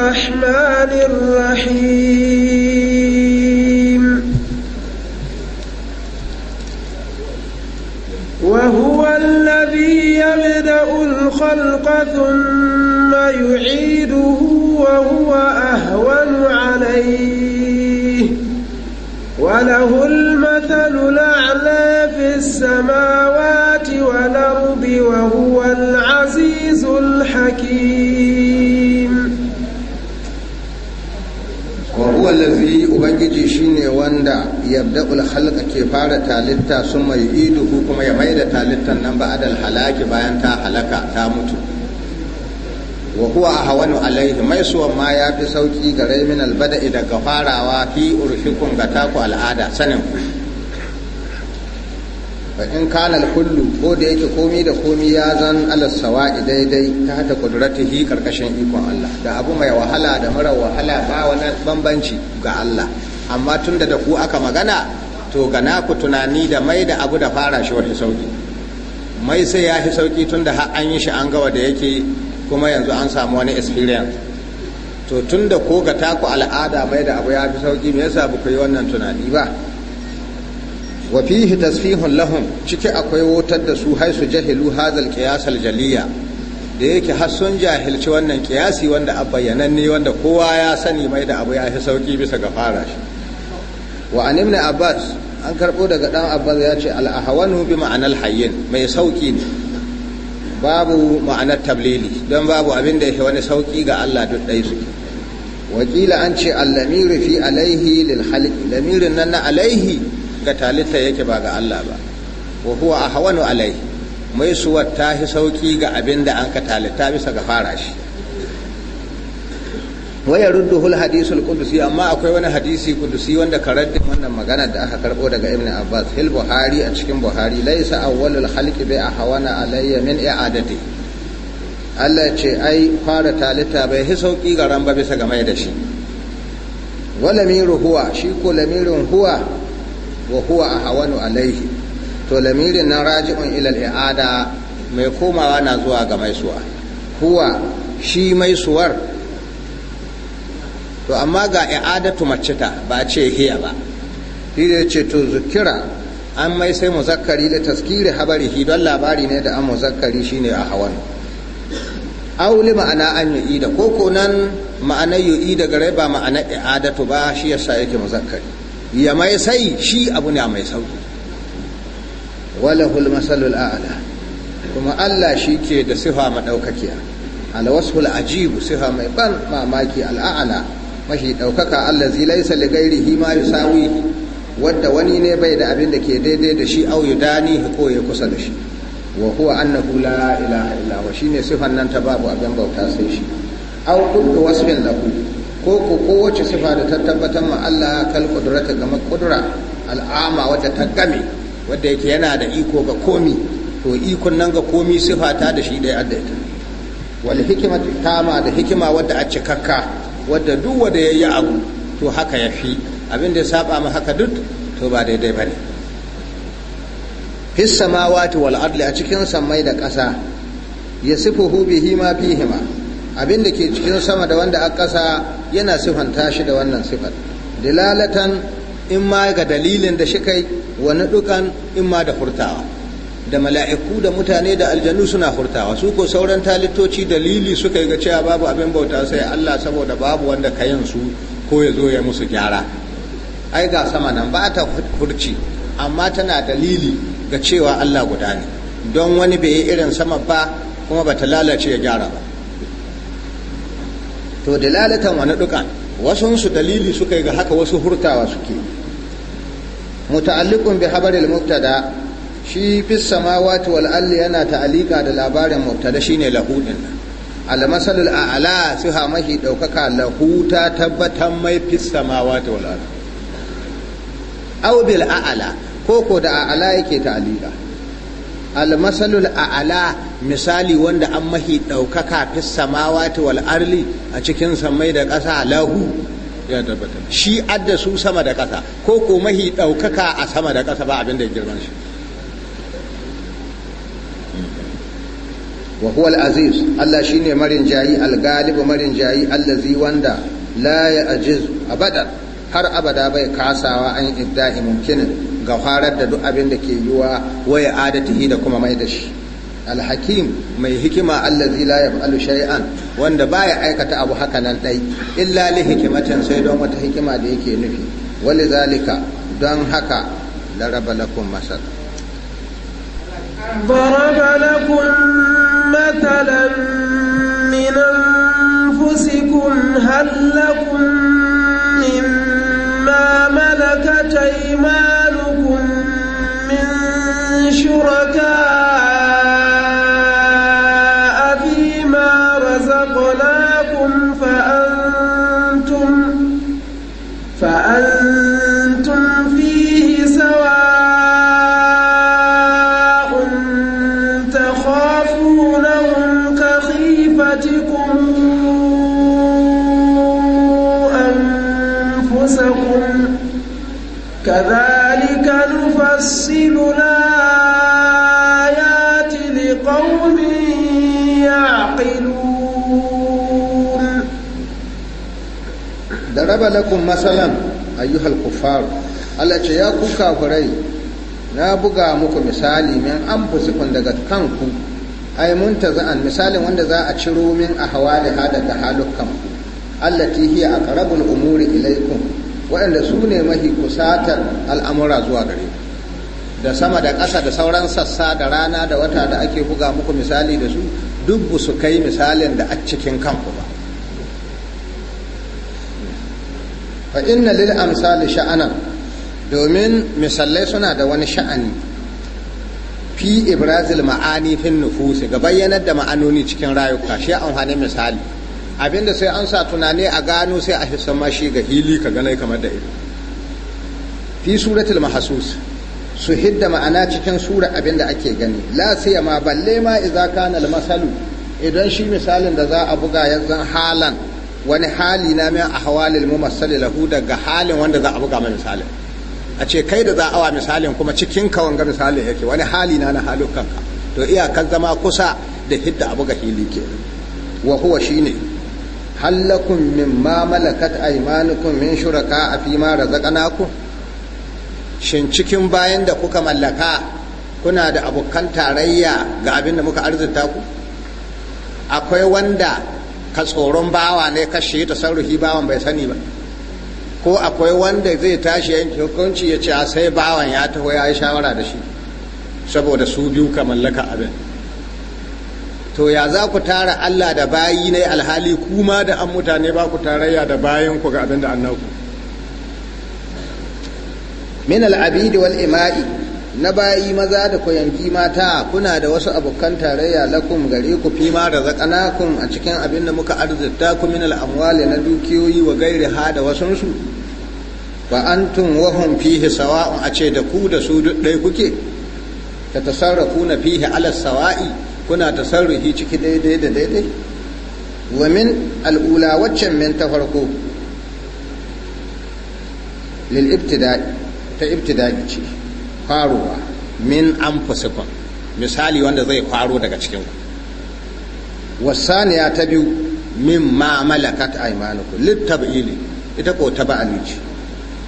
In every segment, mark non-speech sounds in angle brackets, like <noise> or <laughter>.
الرحمن الرحيم وهو الذي يبدأ الخلق ثم يعيده وهو أهون عليه وله المثل الأعلى في السماوات والأرض وهو العزيز الحكيم wallafi ubangiji shine wanda yabda khalqa ke fara talitta sun mai iduhu kuma ya mai da talittan nan ba adal halaki bayan ta halaka ta mutu wa huwa ahwanu alaihi mai suwan ma ya fi sauki ga min albada'i daga farawa fi urfikun ga taku al'ada sanin ku fa in kana kullu ko da yake komi da komi ya zan alasawa sawa'i daidai ta hata hi karkashin ikon Allah da abu mai wahala da mara wahala ba wani bambanci ga Allah amma tunda da ku aka magana to ga naku tunani da mai da abu da fara shi wani sauki mai sai ya fi sauki tunda har an yi shi an gawa da yake kuma yanzu an samu wani experience to tunda ko ga taku al'ada mai da abu ya fi sauki me yasa ba yi wannan tunani ba wa fihi tasfihun lahum ciki akwai wutar da su haisu jahilu hazal kiyasar jaliya da yake har sun jahilci wannan kiyasi wanda a ne wanda kowa ya sani mai da abu ya fi sauki bisa ga fara shi wa an ibn abbas an karbo daga dan abbas ya ce al ahwanu bi al hayyin mai sauki ne babu ma'anar tablili don babu abin da yake wani sauki ga Allah duk ɗaya su wakila an ce al fi alaihi lil lamirin nan na alaihi ga talitta yake ba ga Allah ba wa huwa ahwanu alai mai suwa ta hi sauki ga abin da an ka talitta bisa ga fara shi waya hul hadisul qudusi amma akwai wani hadisi qudusi wanda karaddin wannan magana da aka karbo daga ibn abbas hil buhari a cikin buhari laysa awwalul khalqi bi ahwana alayya min i'adati Allah ce ai fara talita bai hi sauki ga ran ba bisa ga mai da shi wala miru huwa shi ko lamirin huwa wa huwa ahwanu alaihi to lamirin na raji'un ilal i'ada mai komawa na zuwa ga suwa huwa shi suwar to amma ga i'adatu macita ba ce hiya ba shi ce to zukira an mai sai muzakkari da taskiri habari shi don labari ne da an muzakkari ne a hawan auli ma'ana an ida ko ko nan ma'anar daga gare ba ma'anar i'adatu ba shi yasa yake muzakkari ya mai sai shi abu ne mai sauki walahul masalul a'la kuma Allah shi ke da sifa madaukakiya alwasful ajibu sifa mai ban mamaki al'a'la mashi daukaka allazi laysa li ghairihi ma yusawi wadda wani ne bai da abin da ke daidai da shi au yudani ko ya kusa da shi wa huwa annahu la ilaha illa huwa shine sifan nan ta babu abin bauta sai shi au kullu wasfin lahu ko ko kowace sifa da ta tabbatar ma Allah kal qudrata ga makudura al'ama wata ta game wadda yake yana da iko ga komi to ikon nan ga komi sifa ta da shi dai yadda ita wal hikimatu tama da hikima wadda a cikakka wadda duk wanda yayi abu to haka yafi abin da ya saba mu haka duk to ba daidai bane fis samawati wal ardi a cikin samai da ƙasa yasifuhu bihi ma fihima abin da ke cikin sama da wanda a ƙasa yana sifanta shi da wannan sifar dilalatan in ma ga dalilin da shi kai wani dukan in ma da furtawa. da mala'iku da mutane da aljanu suna furtawa. su ko sauran talittoci dalili suka yi ga cewa babu abin bauta sai Allah saboda babu wanda yin su ko ya zo ya musu gyara ai ga sama nan ba ta furci. amma tana dalili ga cewa Allah guda ne don wani bai yi irin sama ba kuma ba ta lalace ya gyara ba to dalalatan wani duka wasu su dalili suka yi ga haka wasu hurtawa suke muta'alliqun bi habaril mubtada shi fi samawati wal ardi yana ta'alika da labarin mubtada shine lahu din al masalul a'la ha mahi daukaka lahu ta tabbatan mai fi samawati wal ardi aw bil a'la koko da a'la yake ta'alika almasalul a'ala misali wanda an mahi ɗaukaka fi samawati wal arli a cikin samai da ƙasa lahu ya tabbata shi adda su sama da ƙasa ko ko mahi ɗaukaka a sama da ƙasa ba abin da girman shi wa huwa al-aziz Allah shine marin jayi al-galib marin jayi allazi wanda la ya ajiz abada har abada bai kasawa an iddahi mumkinin ga farar da duk abin da ke yiwa waya adatihi da kuma mai da shi alhakim mai hikima allazi la yaf'alu shay'an wanda baya aikata abu haka nan dai illa li hikimatin sai don wata hikima da yake nufi walizalika don haka laraba lakum masal daraba lakum matalan min anfusikum hal lakum mimma malakat aymanukum شركاء daraba lakum masalan ayyuhal kuffar Allah ce ya ku kafirai na buga muku misali min anfusikum daga kanku ai muntaza'an misalin wanda za a ciro min ahwali hada da halukan allati hiya aqrabul umuri ilaykum waɗanda su ne mahi kusatar al'amura zuwa gare ku da sama da ƙasa da sauran sassa da rana da wata da ake buga muku misali da su duk su kai misalin da a cikin kanku fa inna lil amsali sha'anan domin misalai suna da wani sha'ani fi ibrazil ma'ani fin nufusi ga bayyanar da ma'anoni cikin rayuka shi an hane misali abinda sai an sa tunani a gano sai a hisan shi ga hili ka ganai kamar da ido fi suratul mahsus su hidda ma'ana cikin sura abinda ake gani la ma balle ma idza kana al masalu idan shi misalin da za a buga yanzu halan wani hali na min ahwalil mumassali lahu daga halin wanda za a buga mai misalin a ce kai da za a wa misalin kuma cikin ka wanga misalin yake wani hali na na halin kanka to iyakar zama kusa da hidda a buga hili ke wa huwa shine min ma malakat aymanukum min shuraka a fi ma razaqnakum shin cikin bayan da kuka mallaka kuna da abokan tarayya ga abin da muka arzuta ku akwai wanda ka tsoron bawa ne kashe ta tasarrufi bawan bai sani ba ko akwai wanda zai tashi yanke hukunci ya ce sai bawan ya taho ya yi shawara da shi saboda su biyu ka mallaka abin to ya za ku tara Allah da bayi ne alhali kuma da an mutane ba ku tarayya da bayan ku ga abin da annaku min al-abidi wal ima'i na bayi maza da kwayanki mata kuna da wasu abokan tarayya lakum gare ku fi ma zakanakum a cikin abin da muka arzita ku min al na dukiyoyi wa gairi ha da wasunsu Ba an tun wahun fihi sawa'un a ce da ku da su duk ɗaya kuke ta na fihi alas sawa'i kuna tasarrufi ciki daidai da daidai wa min al'ula waccan min ta farko lil ta ibtida ce farowa min anfusikum misali wanda zai faro daga cikin ku wasaniya ta biyu min ma malakat aymanukum ili ita ko ta aliji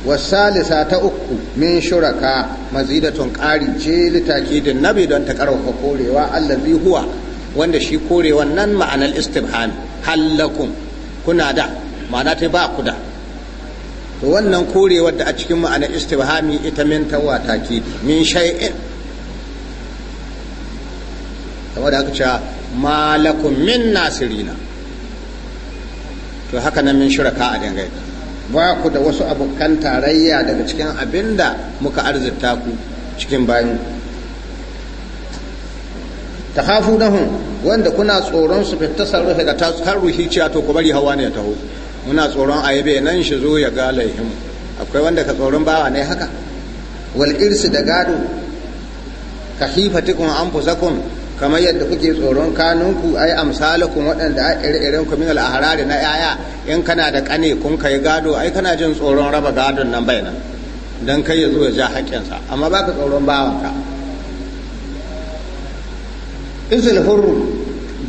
wasalisa ta uku min shuraka mazidatun ƙari ce din nabi don ta ƙarfafa korewa allazi huwa wanda shi korewan nan ma'anar istibhan hallakum kuna da ma'ana ta ba ku da to wannan korewar da a cikin ma'ana istibhami ita min tawa take min shay'in da haka cewa malakum min nasirina to haka nan min shuraka a dangai ba ku da wasu abokan tarayya daga cikin abinda muka arzita ku cikin bayan ta hafu wanda kuna tsoron su fitta sarrufe ga ta cewa to ku bari hawa ne ya taho muna tsoron a yabe nan shi zo ya ga akwai wanda ka tsoron bawa ne haka wal da gado ka hifa tukun an fusakun kamar yadda kuke tsoron kanunku ai amsalakun waɗanda a ƙirƙirin ku min al na yaya in kana da kane kun kai gado ai kana jin tsoron raba gado nan bai nan don kai ya zo ya ja haƙƙinsa amma baka tsoron bawanka izil hurru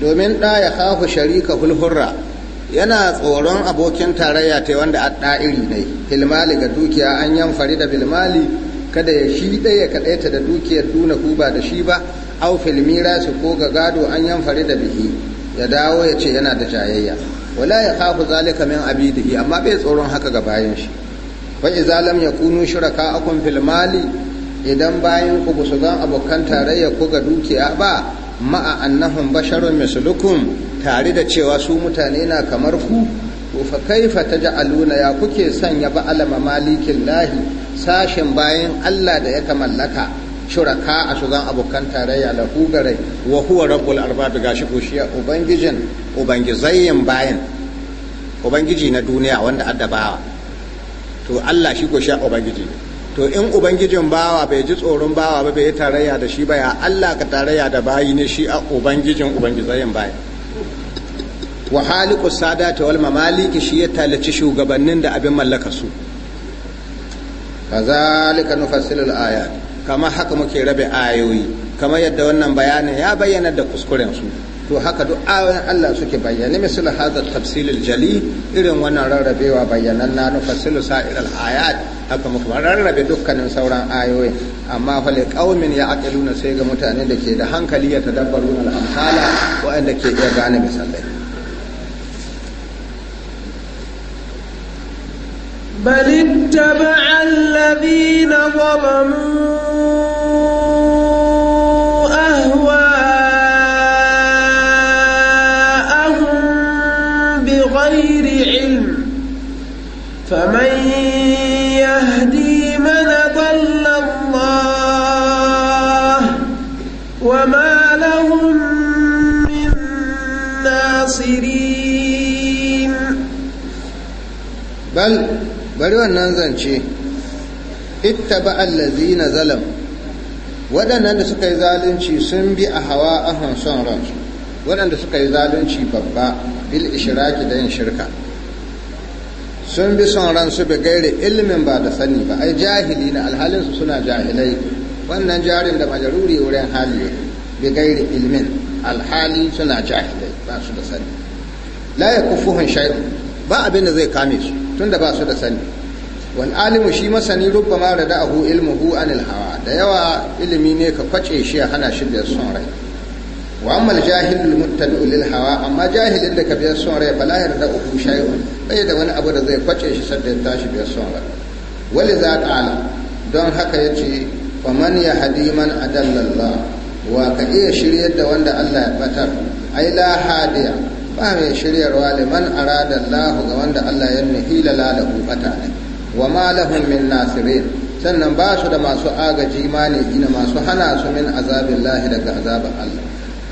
domin ɗaya kafa shari ka hulhurra yana tsoron abokin tarayya ta wanda a ɗa'iri ne ilmali ga dukiya an yan fari da bilmali kada ya shi ɗaya kaɗaita da dukiyar duna ba da shi ba au filmira su ko ga gado an yamfari da bihi ya dawo ya ce yana da jayayya wala ya kafu zalika min abidihi amma bai tsoron haka ga bayan shi fa idza lam yakunu shuraka akum fil mali idan bayan ku su abokan tarayya ko ga dukiya ba ma'a annahum basharun mislukum tare da cewa su mutane na kamar ku to fa kaifa taj'aluna ya kuke sanya ba'ala malikin lahi sashen bayan Allah da ya kamallaka shuraka a shugan abokan tarayya la hugarai wa huwa rabbul arbab gashi ko shi ubangijin ubangizayyin bayan ubangiji na duniya wanda addabawa to Allah shi ko shi ubangiji to in ubangijin bawa bai ji tsoron bawa ba bai tarayya da shi ba ya Allah ka tarayya da bayi ne shi a ubangijin ubangizayyin bayan wa haliku sadata wal mamaliki shi ya talaci shugabannin da abin mallaka su kazalika nufassilul aya kama haka muke rabe ayoyi kama yadda wannan bayanin ya bayyana da kuskuren su to haka duk ayoyin Allah suke bayyana misal hada tafsilul jali irin wannan rarrabewa bayyanan na nufassilu sa'iral ayat haka muke rarrabe dukkanin sauran ayoyi amma fa ya ya'qiluna sai ga mutane da ke da hankali ya tadabbaru al-amsala wa'anda ke iya gane misalai بل اتبع الذين ظلموا أهواءهم بغير علم فمن يهدي من ضل الله وما لهم من ناصرين بل bari wannan zance ittaba allazina zalam waɗannan da suka yi zalunci sun bi a hawa ahun son ransu waɗanda suka yi zalunci babba bil ishiraki da yin shirka sun bi son ransu bi gairi ilimin ba da sani ba ai jahili na alhalinsu suna jahilai wannan jarin da majaruri wurin hali bi gairi ilimin alhali suna jahilai ba su da sani la ya kufuhun shaidu ba abin da zai kame su tunda ba su da sani wal alimu shi masani rubbama rada'ahu hu anil hawa da yawa ilimi ne ka kwace shi ya hana shi biyar son rai wa amma jahilul muttabi'u lil hawa amma jahilin da ka biyar son rai fala yarda'uhu shay'un bai da wani abu da zai kwace shi sadda ya tashi biyar son rai waliza ta'ala don haka yace faman yahdi man Allah wa ka iya shiryar da wanda Allah ya batar ai la hadiya ba mai shiryarwa liman arada Allah ga wanda Allah ya nuhi ku fata ne wa ma lahum min nasirin sannan ba su da masu agaji mani ina masu hana su min azabin lahi daga azabin Allah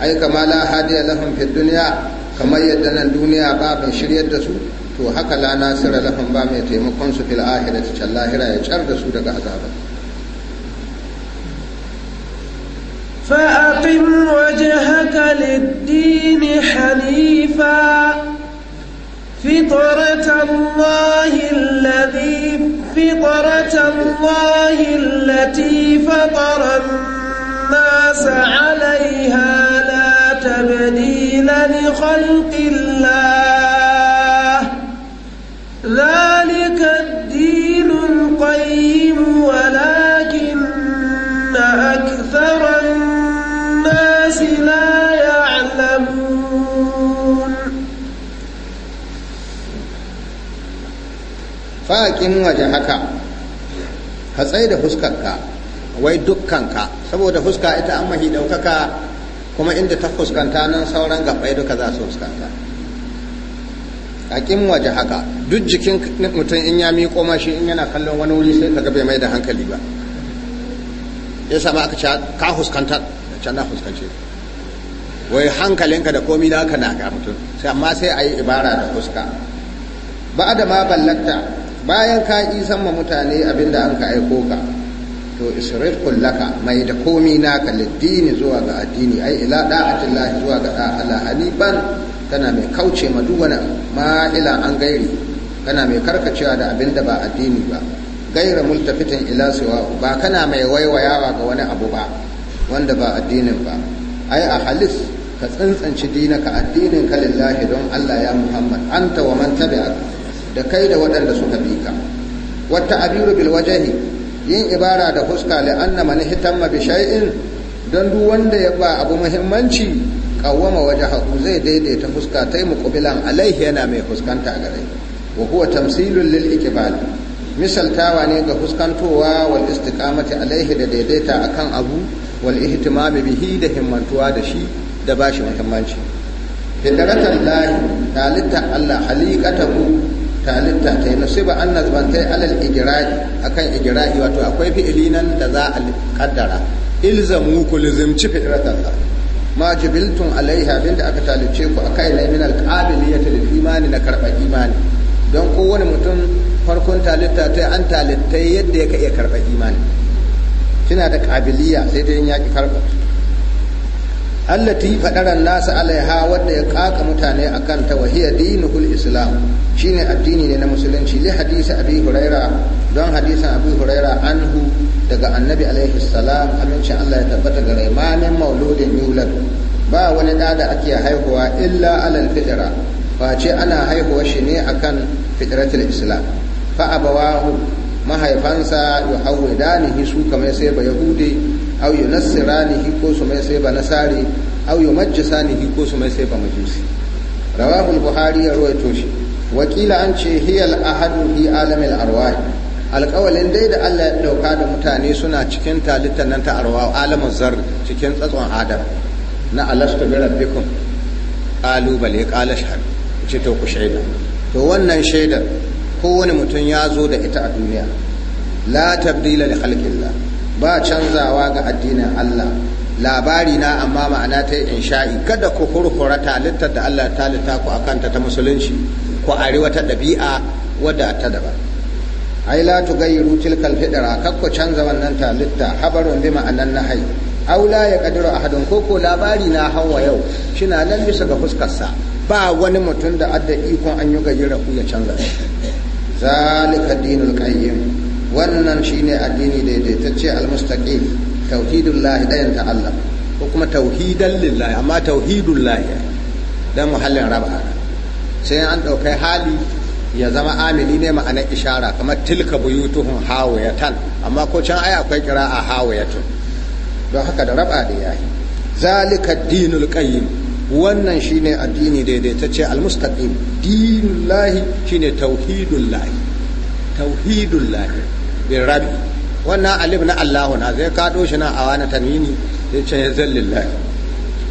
ai kama la hadiya lahum fi dunya kamar yadda nan duniya ba ban shiryar da su to haka la nasira lahum ba mai taimakon su fil akhirati can lahira ya car da su daga azabin فأقم وجهك للدين حنيفا فطرة الله الذي فطرة الله التي فطر الناس عليها لا تبديل لخلق الله ذلك الدين القيم ولا faƙin waje haka ka tsaye da fuskarka wai dukkanka saboda fuska ita an mahi ɗaukaka kuma inda ta fuskanta nan sauran gabai duka za su fuskanta haƙin waje haka duk jikin mutum in ya miƙo shi in yana kallon wani wuri sai ka bai mai da hankali ba ya sama aka ce ka fuskanta can na fuskance wai hankalinka da komi da ka na ga mutum sai amma sai a yi ibara da fuska ba da ma ballanta bayan ka isan ma mutane abinda an ka aiko ka to isra'il kullaka mai da komi na ka liddini zuwa ga addini ai ila da'atin zuwa ga ala haliban kana mai kauce ma duk wani ila an gairi kana mai karkacewa da abinda ba addini ba gaira multafitin ila siwa ba kana mai waiwayawa ga wani abu ba wanda ba addinin ba ai a halis ka tsantsanci dinaka addinin ka lillahi don Allah ya Muhammad anta wa man tabi'aka da kai da waɗanda suka bi ka wata abiru bil wajahi yin ibara da fuska li anna man hitamma bi shay'in don duk wanda ya ba abu muhimmanci waje wajahu zai daidaita fuska tai muqbilan alaihi yana mai fuskanta gare wa huwa tamsilun lil ikbal misaltawa ne ga fuskantowa wal istiqamati alaihi da daidaita akan abu wal ihtimam bihi da himmantuwa da shi da bashi muhimmanci daratan lahi halitta Allah halikatahu talitta ta yi an nazban ta alal igirari akan igirari wato akwai fi'ili nan da za a kaddara ilzamu ku lizimci fitratansa ma jibiltun alaiha abinda aka talice ku akai na min alqabiliyati lil imani na karba imani don kowane mutum farkon talitta ta an talittai yadda yaka iya karba imani kina da kabiliya sai dai yaki karba allati fadaran nasa alaiha wadda ya kaka mutane akan ta wahiya dinuhul islam shine addini ne na musulunci li hadisi abi huraira don hadisin abi huraira anhu daga annabi alaihi salam amincin Allah ya tabbata ga raimanin mauludin yulad ba wani da da ake haihuwa illa alal fitra ce ana haihuwa shi ne akan fitratul islam fa abawahu mahaifansa yuhawidanihi su kamar sai ba yahudi au yi ne hiko su mai sai ba nasari au yi ne hiko su mai sai ba majusi rawahul buhari ya ruwaito shi wakila an ce hiyal ahadu fi alamil arwahi alƙawalin dai da Allah ya ɗauka da mutane suna cikin talittan nan ta arwa alamun zar cikin tsatson adam na alastu bi rabbikum ƙalubale ƙala ce to ku shaida to wannan shaidar kowane mutum ya zo da ita a duniya la tabdila li khalqillah ba canzawa ga addinin Allah labari na amma ma'ana ta yi insha'i kada ku hurhura talittar da Allah ta ku akanta ta musulunci ku ari wata ɗabi'a wadda ta daba ai la gayru tilkal fidara kakko canza wannan talitta habarun bi ma'anan nahai aula ya kadiru ahadun koko labari na hawa yau shina nan bisa ga fuskarsa ba wani mutum da adda ikon an yi gayyara ku ya canza zalika dinul qayyim wannan ne addini daidaitacce almustaqim tauhidullahi dayan ta Allah ko kuma tauhidan lillahi amma tauhidullahi Don muhallin raba sai an ɗaukai hali ya zama amini ne ma'anar ishara kamar tilka buyutuhum hawayatan amma ko can ai akwai qira'a hawayatun don haka da raba da yayi zalika dinul qayyim wannan shine addini daidaitacce almustaqim dinullahi shine tauhidullahi lahi. bin rabi wannan alif na Allahu na zai kado shi na awa na tanwini ya ce lai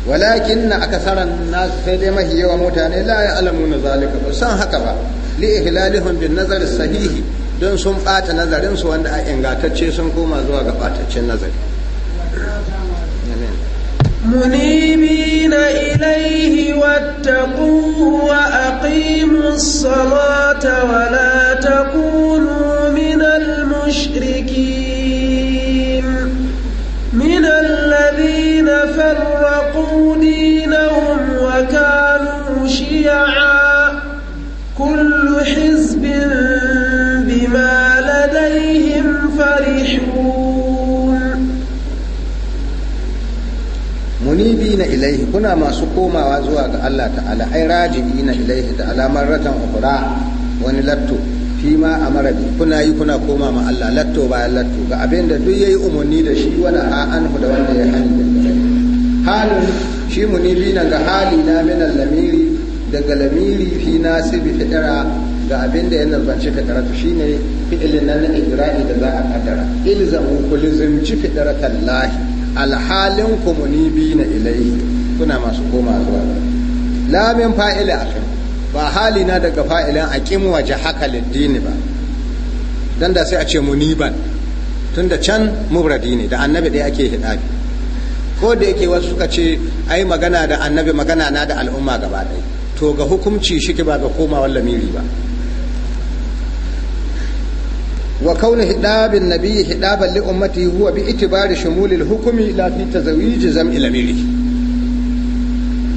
walakin na akasaran nasu sai dai mahi yawa mutane la ya alamu na zalika ba san haka ba li ihlalihum bin nazari sahihi don sun bata nazarin su wanda a ingantacce sun koma zuwa ga bataccen nazari منيبين إليه واتقوه وأقيموا الصلاة ولا تكونوا من المشركين من الذين فرقوا دينهم وكانوا شيعا كل حزب بما لديهم فرحون منيبين إليه كنا ما سقوما وزوى الله تعالى أي راجعين إليه تعالى مرة أخرى ونلتو fi ma marabi kuna yi kuna koma ma Allah latto bayan latto ga abin da duk yayi umarni da shi wani a ku da wanda ya hani da gare halin shi bi na ga hali na min lamiri daga lamiri fi nasibi fidara ga abin da ya nazarci fidara karatu shine fi'ilin nan na ijra'i da za a kaddara ilzamu fi fidara tallahi alhalin ni bi na ilaihi kuna masu koma zuwa lamin fa'ila akan ba halina daga fa'ilin ƙin waje haka lindini ba don da sai a ce muniban tun da can mubradi ne da annabi dai ake hidabi ko da yake wasu suka ce ai magana da annabi magana na da al'umma gaba ɗaya to ga hukumci shi ba ga komawa lamiri ba wa kauna hidabin nabiyyi hidaban li huwa bi itibari shumulil hukumi la fi tazawiji zam'i lamiri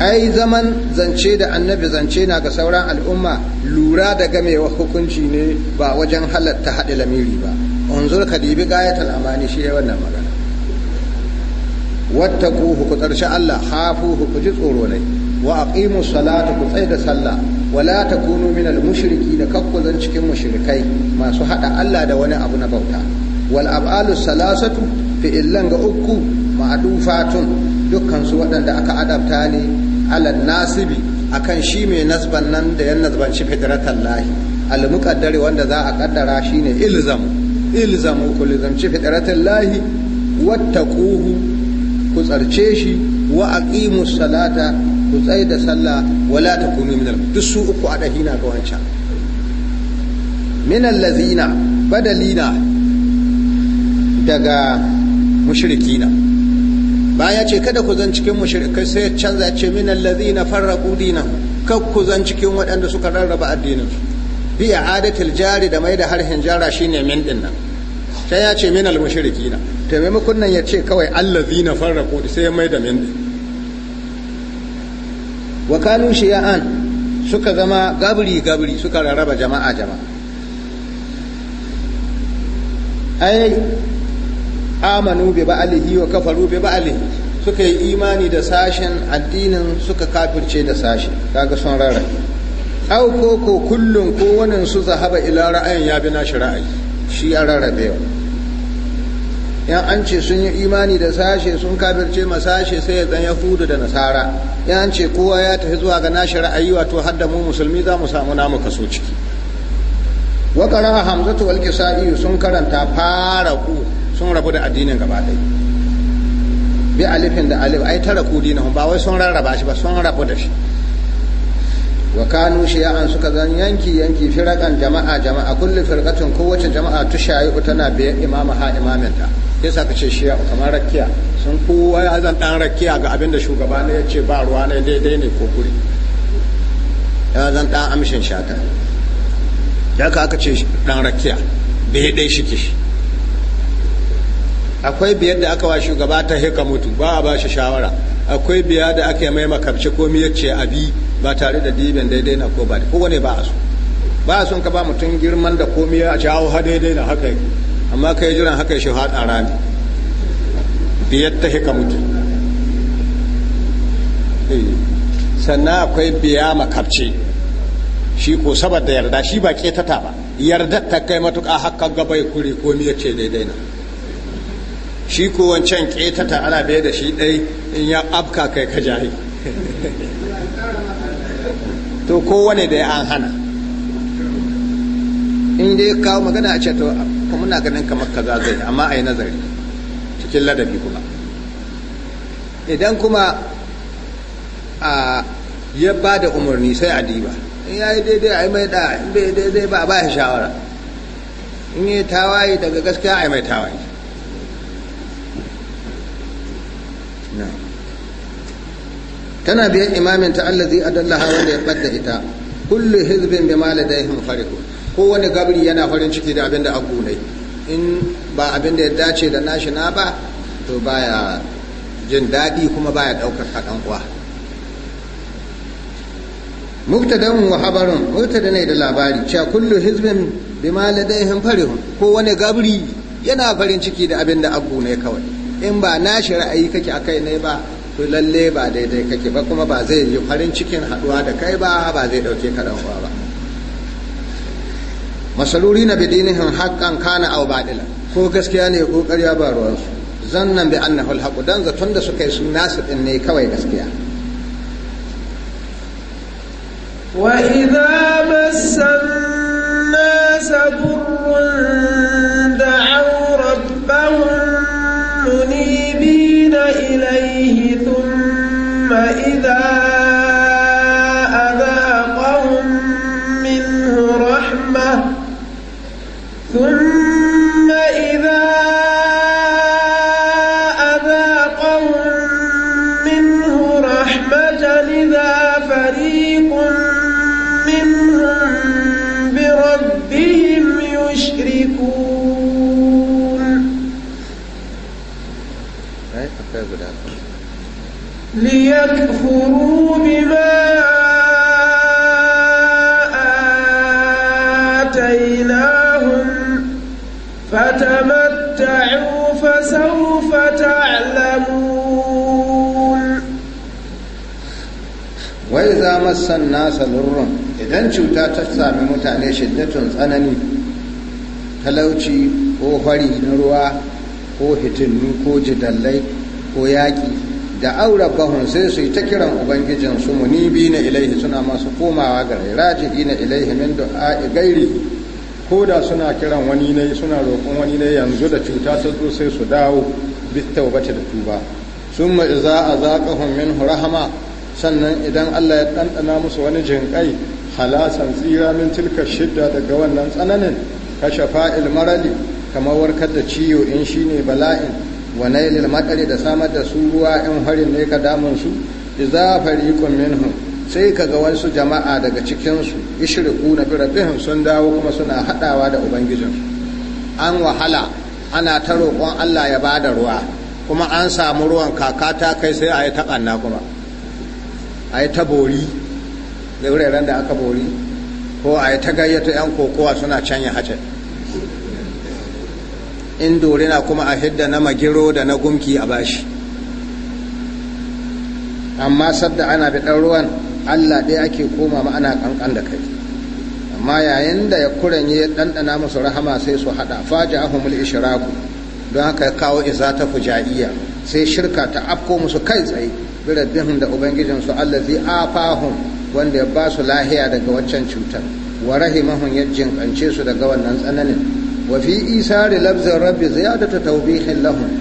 ai zaman zance da annabi zance na ga sauran al'umma lura da gamewa hukunci ne ba wajen halatta haɗe lamiri ba unzur ka dibi gayatul amani shi wannan magana wata ku tsarshe Allah hafu ku ji tsoro ne wa aqimu salata ku tsaya da sallah wala takunu min al mushriki da kakkuzan cikin mushrikai masu hada Allah da wani abu na bauta wal ab'alu salasatu fi illan ga uku ma'dufatun dukkan su waɗanda aka adabta ne alal nasibi a kan shi mai nasban nan da ya nasbanci fidratan lahi almuqaddari wanda za a kaddara shine ilzam ilzam ku lizamci fidratan lahi wattaquhu ku tsarce shi wa salata ku tsaida da sallah wala takunu minal duk su uku a dahina ga wancan minal lazina badalina daga mushrikina Baya ya ce kada ku zan cikin mushrikai sai canza ce min allazina farraqu dinahum kak ku zan cikin waɗanda suka rarraba addinin su bi adatil jari da mai da harhin jara shine min din nan sai ya ce min al mushrikina to maimakon nan ya ce kawai allazina farraqu sai ya mai da min wa kanu suka zama gabri gabri suka rarraba jama'a jama'a ai amanu bi ba'alihi wa kafaru bi ba'alihi suka yi imani da sashen addinin suka kafirce da sashe kaga son rara au ko ko kullun ko wannan su zahaba ila ra'ayin ya bi nashi ra'ayi shi a yau. yan an ce sun yi imani da sashe sun kafirce ma sashe sai ya zan hudu da nasara yan an ce kowa ya tafi zuwa ga nashi ra'ayi wato har da mu musulmi za mu samu namu kaso ciki wa qara hamzatu wal kisa'i sun karanta fara ku sun rabu da addinin gaba ɗaya bi alifin da alif ai tara ku dinahu ba wai sun rarraba shi ba sun rabu da shi wa kanu shi'an suka zan yanki yanki firakan jama'a jama'a kulli firqatin kowace jama'a tushayi tana biyan imama ha imaminta yasa ka ce shi'a kamar rakiya sun kowa ya zan dan rakiya ga abinda shugaba ne ya ce ba ruwa ne daidai ne ko kuri ya zan dan amshin shata Ya ka aka ce dan rakiya dai shi kishi akwai biyar da aka wa shugaba ta heka mutu ba a ba shi shawara akwai biya da aka yi mai makamci ko miyar ce abi ba tare da dibin daidai na ko ba da kowane ba a so ba a son ka ba mutum girman da komi a ce ha daidai na haka yake amma ka yi jiran haka shi haɗa rami biyar ta heka mutu eh, sannan akwai biya makabce shi ko saboda yarda shi ba ketata ba yardar ta kai matuƙa hakan gabai kuri komi ya ce daidai na shi ko wancan ƙetata ana bai da shi ɗai in ya afka kai ka jahi <laughs> to kowane da ya an hana in dai kawo magana a ce to muna ganin kamar kaza zai amma a yi nazari cikin ladabi kuma idan kuma a ya ba da umarni sai a diba in ya yi daidai a yi mai in bai daidai ba a ba shawara in yi tawaye daga gaskiya a yi mai tawaye tana biyan imamin ta allazi adallaha wanda ya badda ita kullu hizbin bima ladaihim farihun kowane gabri yana farin ciki da abin da aku ne in ba abin da ya dace da nashi na ba to baya jin daɗi kuma baya ɗaukar kaɗan uwa mubtadan wa habarun mubtada ne da labari cewa kullu hizbin bima ladaihim farihun kowane gabri yana farin ciki da abin da aku ne kawai in ba nashi ra'ayi kake akai ne ba to lalle ba daidai kake ba kuma ba zai yi farin cikin haɗuwa da kai ba ba zai ɗauke ka ɗan ba masaluri na bidinihin haƙƙan kana au baɗila ko gaskiya ne ko ƙarya ba ruwansu zannan bi annahu alhaqu dan zaton da suka yi sun nasu din ne kawai gaskiya wa idza massanna burun da'u rabbahum munibina ilayhi فإذا ليكفروا بما آتيناهم فتمتعوا فسوف تعلمون وإذا مس الناس ضر إذا cuta ta sami mutane shiddatun tsanani talauci ko fari na ruwa ko hitinnu ko jidallai ko yaƙi da aura bahun sai su yi ta kiran ubangijin su munibi na ilaihi suna masu komawa ga raji'i na ilaihi min du'a'i gairi ko da suna kiran wani ne suna roƙon wani ne yanzu da cuta ta zo sai su dawo bit taubata da tuba summa idza azaqahum min rahama sannan idan Allah ya ɗanɗana musu wani jinƙai halasan tsira min tilka shidda daga wannan tsananin kashe fa'il marali kamar warkar da ciwo in shine bala'in wa nailil da samar da su ruwa in harin ne ka damun su idza fariqun minhum sai ka ga wasu jama'a daga cikin su ishriku na birabihin sun dawo kuma suna hadawa da ubangijin an wahala ana ta roƙon Allah ya bada ruwa kuma an samu ruwan kaka ta kai sai a ta kanna kuma a ta bori da wuraren da aka bori ko a ta gayyata 'yan kokowa suna canya hace. in dorina kuma a hidda na magiro da na gumki a bashi amma sadda ana da ɗan ruwan allah ɗaya ake koma ma ana ƙanƙan da kai amma yayin da ya kuranye ya ɗanɗana musu rahama sai su haɗa faji ahumul ishiraku don haka ya kawo iza ta fujaiya sai shirka ta afko musu kai tsaye birabbihim da ubangijinsu zai afahum wanda ya ba su lahiya daga waccan cutar wa rahimahun ya jinkance su daga wannan tsananin wa fi isari labzin rabbi ta taubihin lahun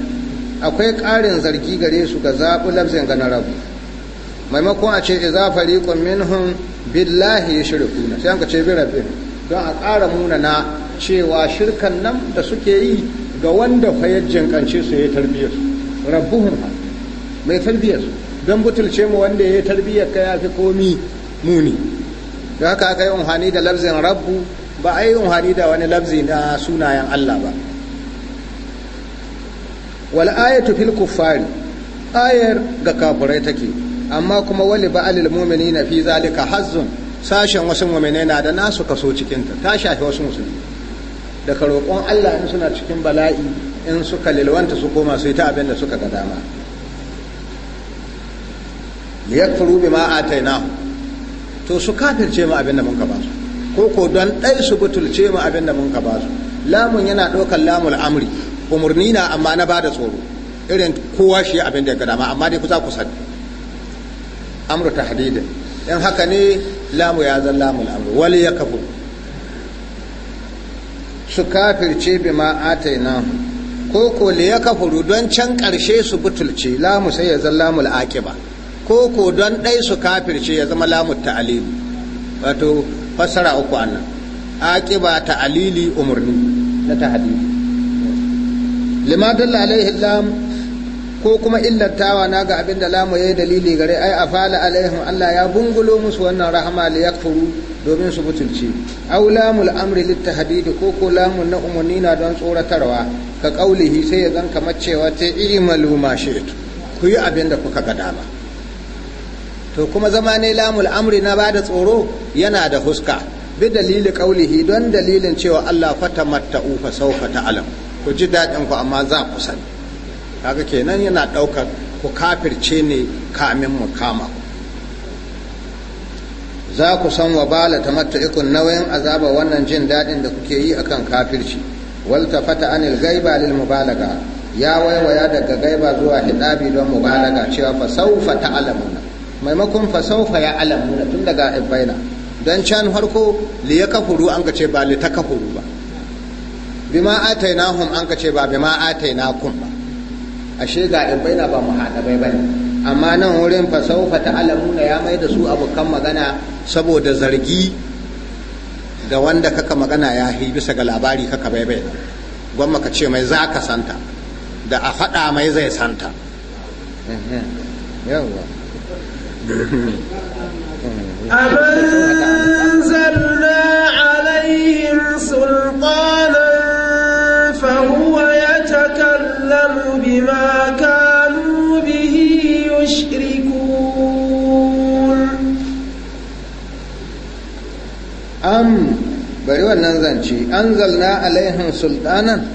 akwai ƙarin zargi gare su ga zaɓi labzin ga na rabu maimakon a ce iza fariqun minhum billahi na sai an ka ce bi rabbi don a ƙara muna na cewa shirkan nan da suke yi ga wanda fayajjin kance su yayi tarbiyyar su mai tarbiyyar su don butulce mu wanda yayi tarbiyyar ka yafi komi muni da haka aka yi amfani da labzin rabbu ba a yi hari da wani lafzi na sunayen Allah ba wal ayatu fil kuffari ayar ga kafirai take amma kuma wali ba'alil mu'minina fi zalika hazzun sashen wasu mu'minai na da nasu kaso cikin ta ta shafi wasu musulmi da roƙon Allah in suna cikin bala'i in suka lilwanta su koma su ta abin da suka ga dama liyakfuru bima atainahu to su kafirce mu abin da mun ka ba su ko ko don ɗai su butulce mu abin da mun ka ba su lamun yana ɗaukar lamul amri umarni na amma na ba da tsoro irin kowa shi abin da ya gada amma dai kusa kusa amru ta hadidin in haka ne lamu ya zan lamun amri wali ya kafu su kafirce bi ma na ko ko le ya kafuru don can ƙarshe su butulce lamu sai ya zan lamul ba ko ko don ɗai su kafirce ya zama lamu ta'alim wato fassara uku annan ta alili umarni na tahdidi lima dalla alaihi lam ko kuma illantawa na ga abinda lamu ya yi dalili gare ai a afala alaihim Allah ya bungulo musu wannan rahama li yakfuru domin su mutunci au lamul amri lit tahdid ko ko lamun na umarni na don tsoratarwa ka kaulihi sai ya zan kamar cewa ta iri maluma ku yi abinda kuka ga dama to kuma zama ne lamul amri na bada tsoro yana da huska bi dalili kaulihi don dalilin cewa Allah ufa fa ta alam ku ji daɗin ku amma za ku sani kaga kenan yana ɗaukar ku kafirce ne kamin mu kama za ku san wa bala tamattu'ikun nauyin azaba wannan jin daɗin da kuke yi akan kafirci wal fata anil gaiba lil mubalaga ya waiwaya daga gaiba zuwa hidabi don mubalaga cewa fa alamun nan maimakon fasaufa ya alamuna tun daga ibaina don can harko li ya kafuru an ka ce ba li ta kafuru ba bima atainahum an ka ce ba bima atainakum ba ashe ga ibaina ba bai bane amma nan wurin fasaufa ta alamuna ya mai da su abokan magana saboda zargi da wanda kaka magana ya yi bisa ga labari kaka bai bai gwamma ka ce mai za ka santa da a faɗa mai zai santa yawwa أنزلنا عليهم سلطانا فهو يتكلم بما كانوا به يشركون أم bari wannan zance an zalna alaihin sultanan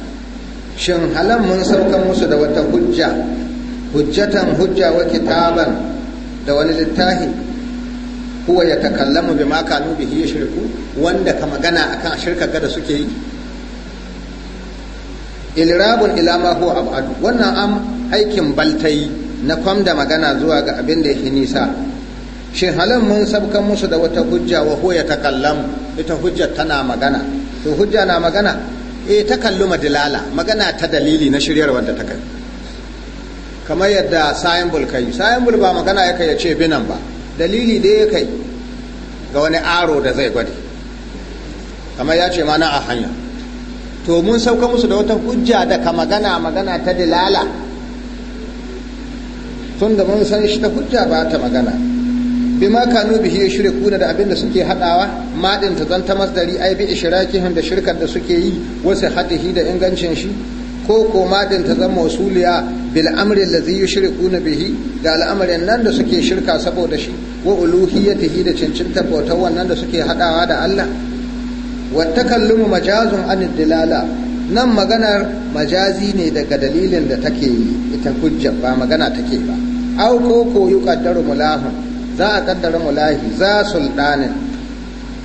shin halan mun sauka musu da wata hujja hujjatan hujja wa kitaban da wani littafi huwa ya takallamu bi ma kanu bihi yushriku wanda ka magana akan shirkar da suke yi ilrabun ila ma huwa abadu wannan am aikin baltai na kwamda magana zuwa ga abin da yake nisa shin halin mun sabkan musu da wata hujja wa huwa ya takallamu ita hujja tana magana to hujja na magana eh takalluma dilala magana ta dalili na shiryar wanda ta kai kamar yadda sayan bulkai sayan bul ba magana ya kai ya ce binan ba dalili da ya kai ga wani aro da zai gwade kamar ya ce mana a hanya to mun sauka musu da wata hujja daga magana magana ta dilala tun da mun san shi ta hujja ba ta magana bi ma kanu bihi yushrikuna da abin da suke hadawa maɗin ta zanta masdari ai bi ishrakihim da shirkar da suke yi wasu haɗihi da ingancin shi ko ko maɗin ta zan bil amri allazi yushrikuna bihi da al'amarin nan da suke shirka saboda shi wa uluhiyatihi da cincinta bautar wannan da suke hadawa da Allah wa takallumu majazun an dilala nan maganar majazi ne daga dalilin da take yi ita hujja ba magana take ba aw ko ko yuqaddaru mulahu za a kaddara mulahi za sultanin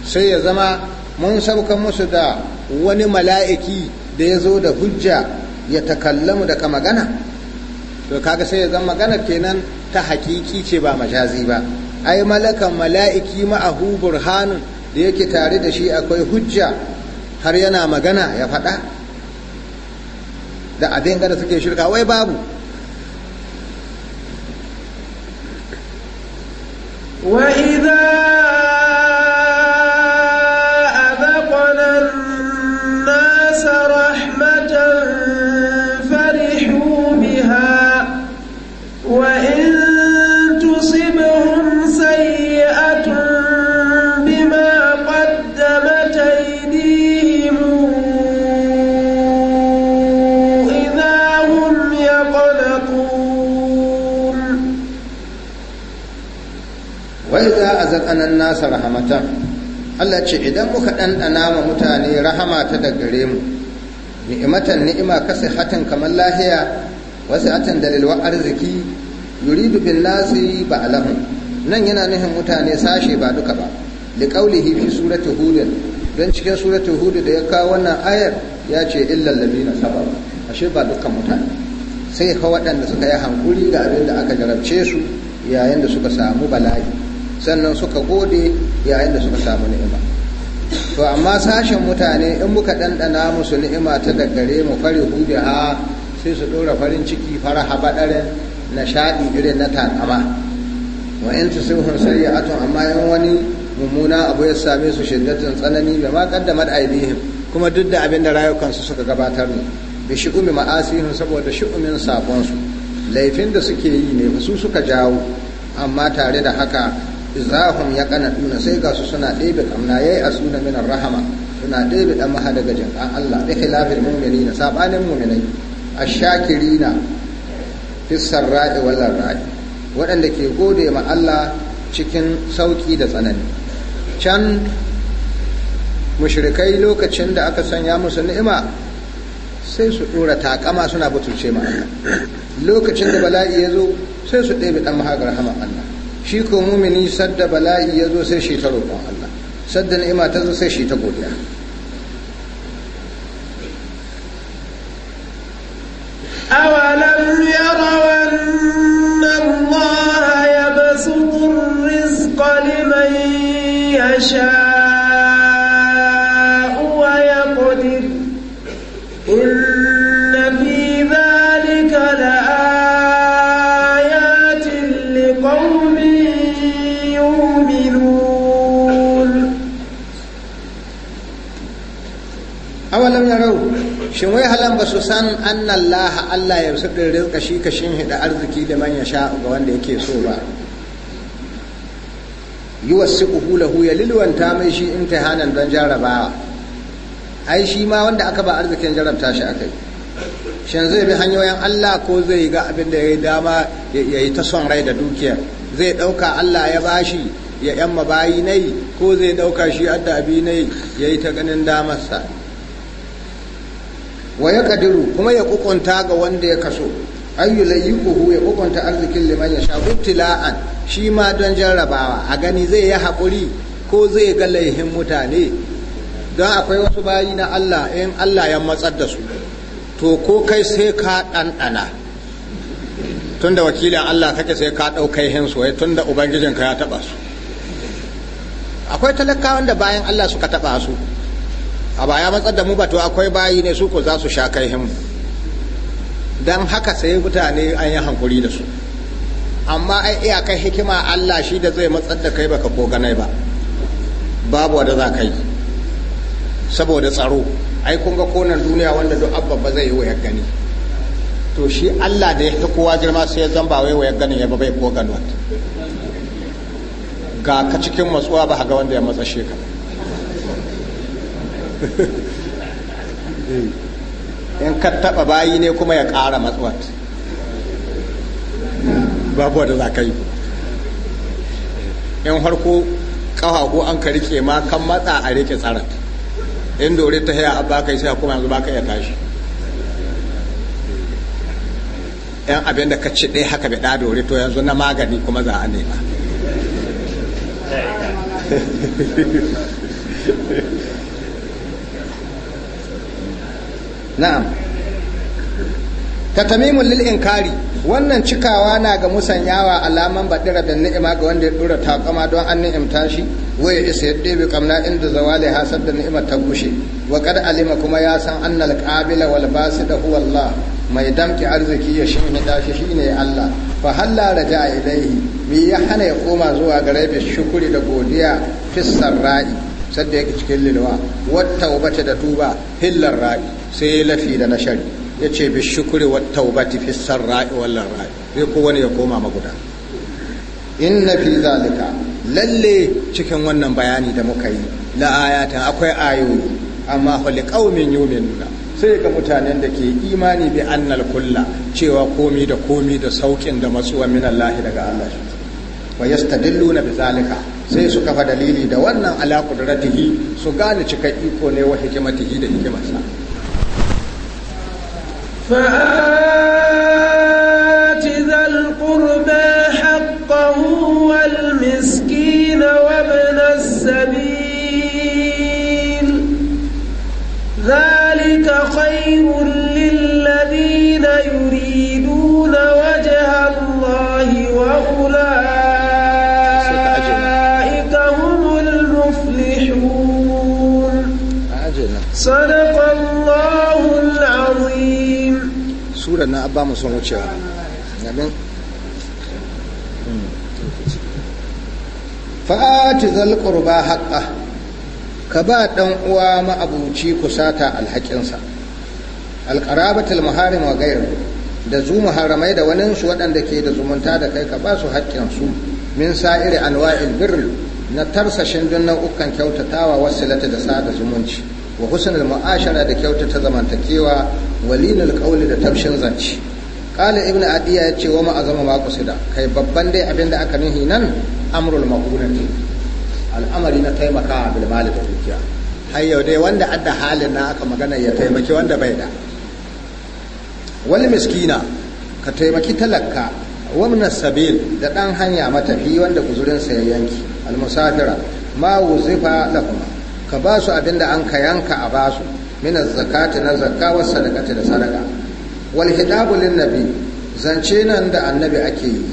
sai ya zama mun sauka musu da wani mala'iki da ya zo da hujja ya takallamu daga magana to kaga sai ya zama magana kenan ta hakiki ce ba majazi ba ai malakan mala'iki ma'ahu burhanun da yake tare da shi akwai hujja har yana magana ya faɗa da abin gada suke shirka wai babu idan nasa rahamatan Allah ce idan muka ɗanɗana ma mutane rahama ta da gare mu ni'imatan ni'ima kasai hatan kamar lahiya wasu hatan dalilwa arziki yuridu bin nasi ba alamu nan yana nuhin mutane sashe ba duka ba liƙaulihi fi suratu hudin don cikin suratu hudu da ya kawo wannan ayar ya ce illal ladina ashe ba dukkan mutane sai ka waɗanda suka yi hankuri da abin da aka jarabce su yayin da suka samu bala'i sannan suka gode yayin da suka samu ni'ima to amma sashen mutane in muka ɗanɗana musu ni'ima ta daggare mu fari hudu ha sai su ɗora farin ciki faraha baɗarin nishaɗi irin na takama sun hun tusibhum sayyi'atun amma in wani mummuna abu ya same su shiddatun tsanani da ma qaddamat aydihim kuma duk da abin da rayukansu suka gabatar ne shi umi ma'asihim saboda shi'umin sabonsu laifin da suke yi ne su suka jawo amma tare da haka izahum ya kanaduna sai ga su suna ɗebe kamna yayi asuna min rahama suna ɗebe dan maha daga jinkan Allah bi khilafil mu'minin sabanin mu'minai ashakirina fi sarra'i wal ra'i waɗanda ke gode ma Allah cikin sauki da tsanani can mushrikai lokacin da aka sanya musu ni'ima sai su dora takama suna butulce ma Allah lokacin da bala'i ya zo sai su ɗebe dan maha rahama Allah shi ko mumini sadda bala'i ya zo sai shi ta roƙon Allah sadda ni'ima ta zo sai shi ta godiya أولم يروا أن الله يبسط الرزق لمن يشاء san anna Allah Allah ya rusuɗin rizka shi ka hida arziki da man ya sha ga wanda yake so ba yi wasu lahu ya lilwanta mai shi in ta hanan don jarabawa ai shi ma wanda aka ba arzikin jarabta shi aka yi shin zai bi hanyoyin Allah ko zai ga abin da ya yi dama ya yi ta son rai da dukiyar zai ɗauka Allah ya bashi ya yamma bayi nai ko zai ɗauka shi adda abi nai ya yi ta ganin damarsa wa ya kadiru kuma ya kukunta ga wanda ya kaso ayyu layyiquhu ya kukunta arzikin liman ya sha ibtila'an shi ma don jarrabawa a gani zai yi haƙuri ko zai ga laihin mutane don akwai wasu bayi na Allah in Allah ya matsar da su to ko kai sai ka ɗanɗana tun da wakilin Allah kake sai ka ɗaukai hinsu wai tun da ubangijinka ya taɓa su akwai talakawan da bayan Allah suka taɓa su a baya matsar da mu ba to akwai bayi ne su ko za su sha kai himu don haka sai mutane an yi hankuri da su amma ai kai hikima Allah shi da zai matsar da kai baka ko ganai ba babu wanda za ka yi saboda tsaro ai kun ga konan duniya wanda duk abba ba zai yi wayar gani to shi Allah da ya fi kowa girma sai ya zamba wai wayar ganin ya bai ko ganuwa ga ka cikin matsuwa ba ga wanda ya matsa shekaru. <laughs> in ka taɓa bayi ne kuma ya ƙara matsuwat babu wadda za ka yi in harko ƙafa ko an ka rike ma kan matsa a rike tsarar in dore ta haya a baka sai kuma yanzu baka iya tashi yan abin da ka ci ɗaya haka bai ɗa dore to yanzu na magani kuma za a nema <laughs> na'am tatamimun lil inkari wannan cikawa na ga musanyawa alaman badira da ni'ima ga wanda ya ɗura takama don an ni'imta shi waya isa ya ɗebe kamna inda zawali hasar da ni'imar ta bushe wa kad alima kuma ya san annal qabila wal basida huwa Allah mai damki arziki ya ne da shi shine Allah fa halla raja ilaihi mi ya hana ya koma zuwa gare da shukuri da godiya fis sarra'i sadda yake cikin lilwa wa tawbata da tuba hillar ra'i sai lafi da na shari ya ce bi shukuri wa taubati fi sarra'i wallan ra'i ko wani ya koma maguda na fi zalika lalle cikin wannan bayani da muka yi la akwai ayoyi amma fa mai yu'minuna sai ga mutanen da ke imani bi annal kulla cewa komi da komi da saukin da matsuwa min Allah daga Allah shi wa yastadilluna zalika sai su kafa dalili da wannan ala qudratihi su gane cika iko ne wa hikimatihi da hikimarsa فآت ذا القربى حقه والمسكين وابن السبيل ذلك خير للذين يريدون وجه الله وأولئك هم المفلحون صدق surar na ba mu son wucewa fa'ati zal qurba haqqa ka ba dan uwa ma'abuci kusata alhaƙinsa alqarabatul muharim wa ghayr da zu muharamai da wani su waɗanda ke da zumunta da kai ka ba su haƙƙin su min sa'iri anwa'il birr na tarsashin dun nau'ukan kyautatawa wasilata da sada zumunci wa husnul mu'ashara da kyautata zamantakewa walinal kauli da tafshin zance qala ibnu adiya yace wa ma azama ma qasida kai babban dai abin da aka nuhi nan amrul maqulati al'amari na taimaka bil mali da dukiya har yau dai wanda adda halin na aka magana ya taimaki wanda bai da wal miskina ka taimaki talakka wamna sabil da dan hanya matafi wanda sa ya yanki almusafira ma wuzifa lakum ka basu su abin da an ka yanka a basu. min zakati na zakka wa sadaqati da sadaka wal hidabu lin nabi zance nan da annabi ake yi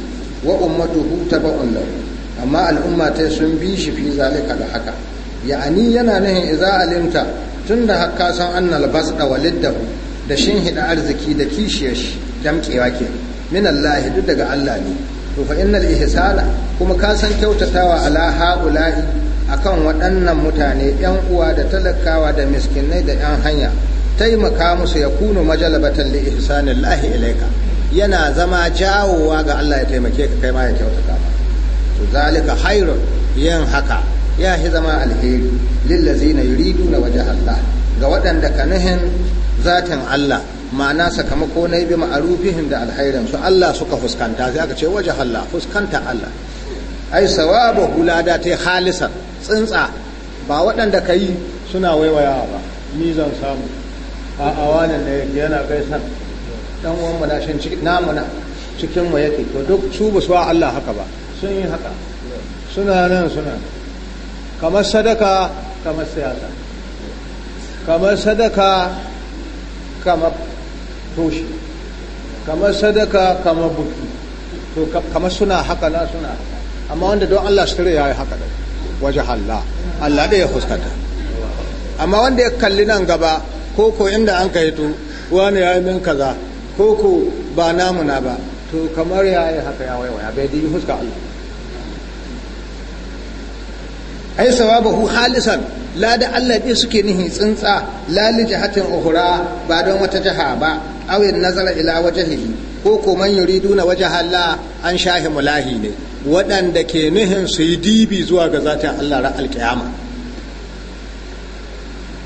wa ummatuhu taba'un lahu amma al'umma ta sun bi shi fi zalika da haka ya'ani yana nahin idza limta, tunda hakka san annal basda waliddahu da shin hida arziki da kishiyar shi damkewa ke min Allah duk daga Allah ne to fa innal ihsana kuma ka san kyautatawa ala haula'i akan waɗannan mutane yan uwa da talakawa da miskinai da yan hanya taimaka musu ya kunu majalabatan li lahi ilaika yana zama jawowa ga Allah ya taimake ka kai ma ya kyautata ka to zalika khairun yin haka ya hi zama alheri lillazina yuriduna wajha Allah ga waɗanda ka zatin Allah ma'ana sakamako na bi ma'arufihim da alhairin su Allah suka fuskanta sai aka ce waje Allah fuskanta Allah ai sawabu hulada ta halisan tsintsa ba waɗanda ka yi suna waiwayawa ba ni zan samu a awanin da yana san dan uwan mu na namuna namu na cikin mu yake to duk su ba su Allah haka ba sun yi haka suna nan suna kamar sadaka kamar siyasa kamar sadaka kamar toshi kamar sadaka kamar buki to kamar suna haka na suna amma wanda don Allah shi ya yi haka da waje Allah Allah da ya fuskata amma wanda ya kalli nan gaba ko ko inda an ka hito wani ya yi min kaza ko ko ba namuna ba to kamar ya yi haka ya ya bai yi fuska Allah ai hu halisan la da Allah bai suke nihi tsuntsa la li jahatin ukhra ba don wata jaha ba awi nazara ila wajhihi ko ko man yuriduna wajha Allah an shahi mulahi ne waɗanda ke nuhin su yi dibi zuwa ga zatin Allah ran alƙiyama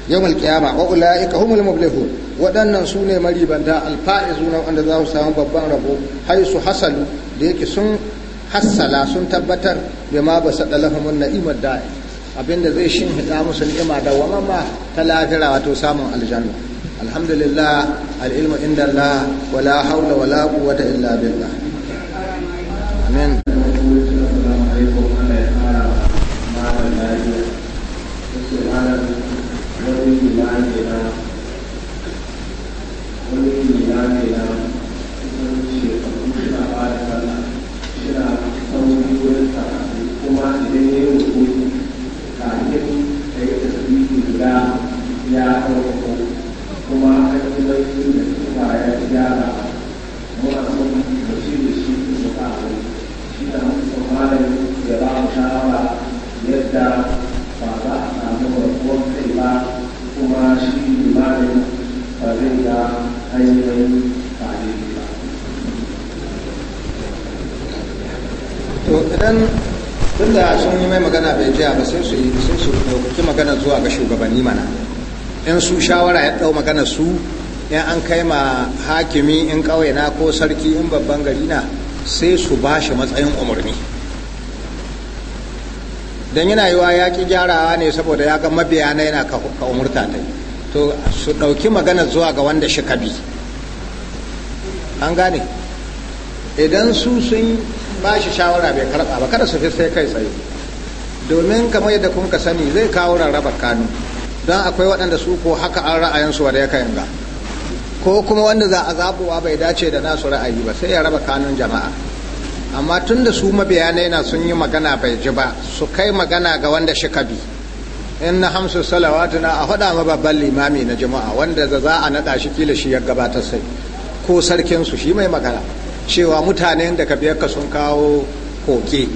yawon alƙiyama wa ka humul mublahu waɗannan su ne maribanta alfa'izu na wanda za su samu babban rabo haisu hasalu da yake sun hassala sun tabbatar da ma ba sa dalahumun na'imar da'i abinda zai shin hida musu ni'ima da wa ma ta lafira wato samun aljanna alhamdulillah al'ilmu inda Allah wala haula wala quwwata illa billah amin in su shawara ya ɗau magana su in an kai ma hakimi in ƙauye na ko sarki in babban gari na sai su ba shi matsayin umarni don yana yiwa ya ƙi gyarawa ne saboda ya ga mabiya na yana ka umurta ta to su ɗauki magana zuwa ga wanda shi kabi an gane idan su sun ba shi shawara bai karɓa ba kada su fi sai kai tsaye domin kamar yadda kun ka sani zai kawo rarraba kanu don akwai waɗanda su ko haka an ra'ayinsu da ya kayan ga ko kuma wanda za a zabuwa bai dace da nasu ra'ayi ba sai ya raba kanun jama'a amma tun da su mabiyanai na sun yi magana bai ji ba su kai magana ga wanda shi kabi in na hamsu salawatuna a haɗa ma babban limami na jama'a wanda za a naɗa shi kila shi ya gabatar sai ko sarkinsu shi mai magana cewa mutanen da ka kabiyarka sun kawo koke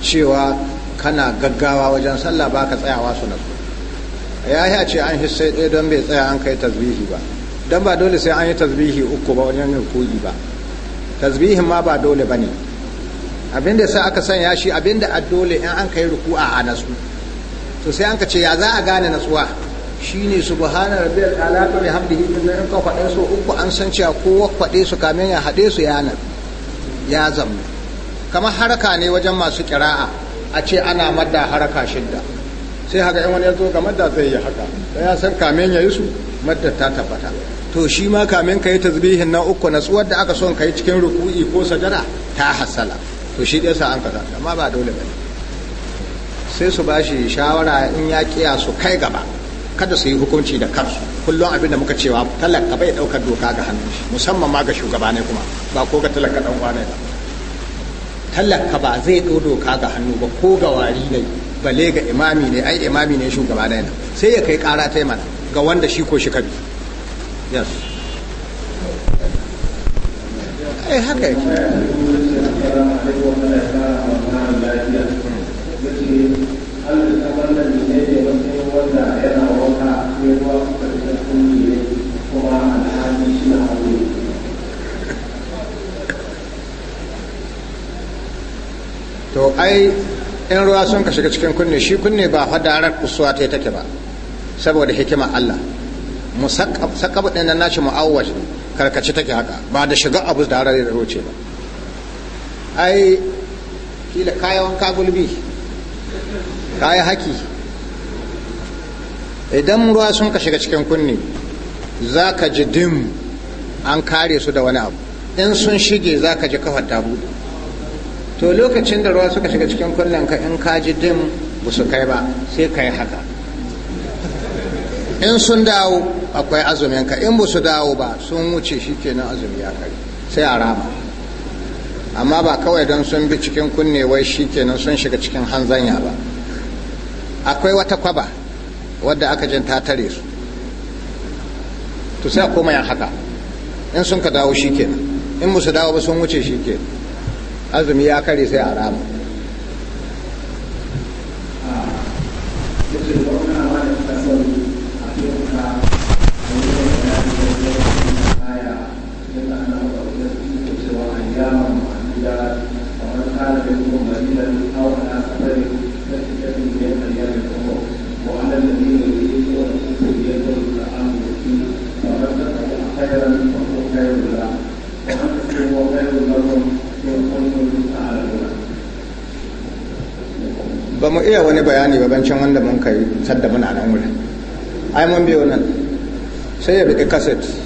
cewa kana gaggawa wajen sallah baka tsayawa su nasu ya yi a ce an hissai ɗaya don bai tsaya an kai tasbihi ba don ba dole sai an yi tasbihi uku ba wajen yin kogi ba tasbihin ma ba dole ba ne abinda sai aka sanya shi abinda a dole in an kai ruku'a a nasu to sai an ka ce ya za a gane natsuwa shine subhana rabbiyal a'la bi hamdihi in ka faɗe su uku an san cewa ko faɗe su kamin ya haɗe su ya nan ya zamu kamar haraka ne wajen masu kira'a a ce ana madda haraka shidda sai haka yan wani ya zo ga madda zai yi haka dan ya san kamen ya yi su madda ta tabbata to shi ma kamen ka yi tasbihin na uku na tsuwar da aka son ka yi cikin ruku'i ko sajara ta hasala to shi ɗaya sa an kaza amma ba dole ba sai su ba shi shawara in ya kiya su kai gaba kada su yi hukunci da kansu kullum abin da muka cewa talaka bai daukar doka ga hannu musamman ma ga shugaba ne kuma ba ko ga talaka dan wane ba talaka ba zai ɗau doka ga hannu ba ko ga wari ne bale ga imami ne ai imami ne shugaba na yana sai ya kai kara ta mana ga wanda shi ko shi kabi yes ai haka yake <laughs> to ai in ruwa sun ka shiga cikin kunne shi kunne ba fadarar kusuwa ta take ba saboda hikimar Allah musakab din nan nashi mu'awwaj karkace take haka ba da shiga abu da harar da roce ba ai kila kayan wanka gulbi kayan haki idan ruwa sun ka shiga cikin kunne za ka ji dim an kare su da wani abu in sun shige za ka ji kafar ta buɗe to lokacin da ruwa suka shiga cikin kunnen ka in ka ji dim ba su kai ba sai ka yi haka in sun dawo akwai azumin ka in ba su dawo ba sun wuce shi kenan azumi ya kai sai a rama amma ba kawai don sun bi cikin kunnewar shi shi kenan sun shiga cikin hanzanya ba akwai wata kwaba wadda aka jin ta tare su to sai a koma yin haka in sun ka dawo shi kenan in musu dawo ba sun wuce shi kenan azumi ya kare sai a rama iya wani bayani ba bancin wanda mun kai sadda muna nan wurin ai mun biyo nan sai ya riƙe kaset